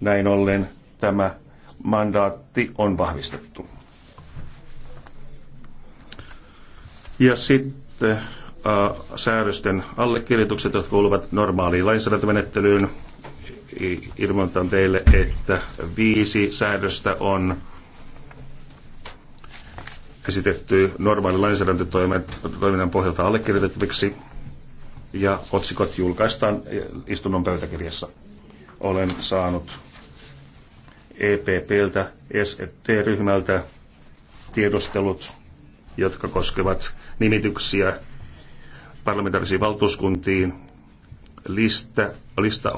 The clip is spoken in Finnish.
Näin ollen tämä mandaatti on vahvistettu. Ja sitten äh, säädösten allekirjoitukset, jotka kuuluvat normaaliin lainsäädäntömenettelyyn. Ilmoitan teille, että viisi säädöstä on esitetty normaali lainsäädäntötoiminnan pohjalta allekirjoitettaviksi ja otsikot julkaistaan istunnon pöytäkirjassa. Olen saanut EPPltä, set ryhmältä tiedostelut, jotka koskevat nimityksiä parlamentaarisiin valtuuskuntiin. Lista, lista